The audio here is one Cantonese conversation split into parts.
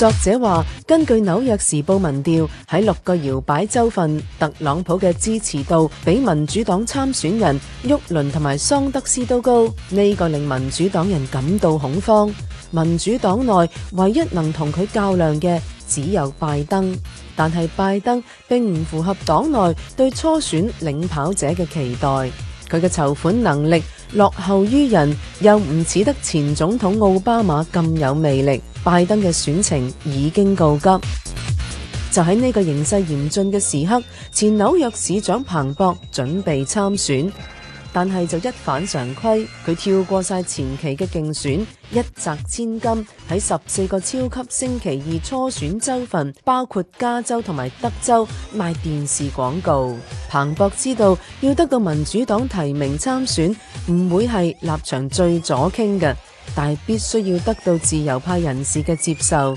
作者話：根據紐約時報民調，喺六個搖擺州份，特朗普嘅支持度比民主黨參選人沃倫同埋桑德斯都高。呢、這個令民主黨人感到恐慌。民主黨內唯一能同佢較量嘅只有拜登，但係拜登並唔符合黨內對初選領跑者嘅期待。佢嘅籌款能力落後於人，又唔似得前總統奧巴馬咁有魅力。拜登嘅選情已經告急，就喺呢個形勢嚴峻嘅時刻，前紐約市長彭博準備參選，但係就一反常規，佢跳過晒前期嘅競選，一擲千金，喺十四個超級星期二初選州份，包括加州同埋德州賣電視廣告。彭博知道，要得到民主黨提名參選，唔會係立場最左傾嘅。但必須要得到自由派人士嘅接受。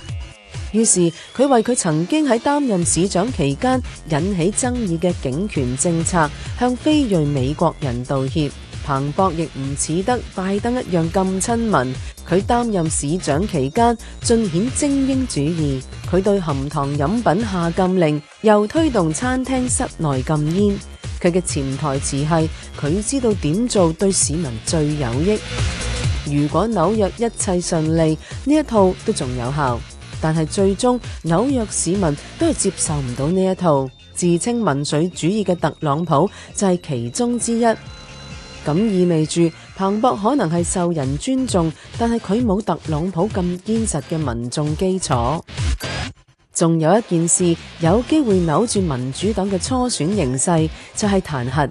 於是佢為佢曾經喺擔任市長期間引起爭議嘅警權政策向非裔美國人道歉。彭博亦唔似得拜登一樣咁親民。佢擔任市長期間盡顯精英主義。佢對含糖飲品下禁令，又推動餐廳室內禁煙。佢嘅潛台詞係佢知道點做對市民最有益。如果紐約一切順利，呢一套都仲有效。但係最終紐約市民都係接受唔到呢一套。自稱民粹主義嘅特朗普就係其中之一。咁意味住彭博可能係受人尊重，但係佢冇特朗普咁堅實嘅民眾基礎。仲有一件事，有機會扭轉民主黨嘅初選形勢，就係彈劾。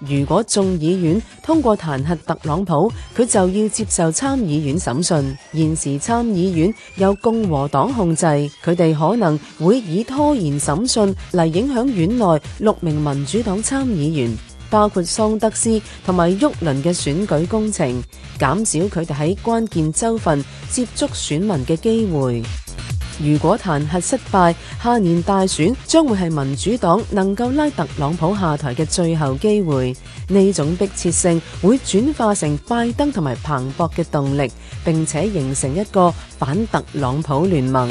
如果眾議院通過彈劾特朗普，佢就要接受參議院審訊。現時參議院由共和黨控制，佢哋可能會以拖延審訊嚟影響院內六名民主黨參議員，包括桑德斯同埋沃倫嘅選舉工程，減少佢哋喺關鍵州份接觸選民嘅機會。如果彈劾失敗，下年大選將會係民主黨能夠拉特朗普下台嘅最後機會。呢種迫切性會轉化成拜登同埋彭博嘅動力，並且形成一個反特朗普聯盟。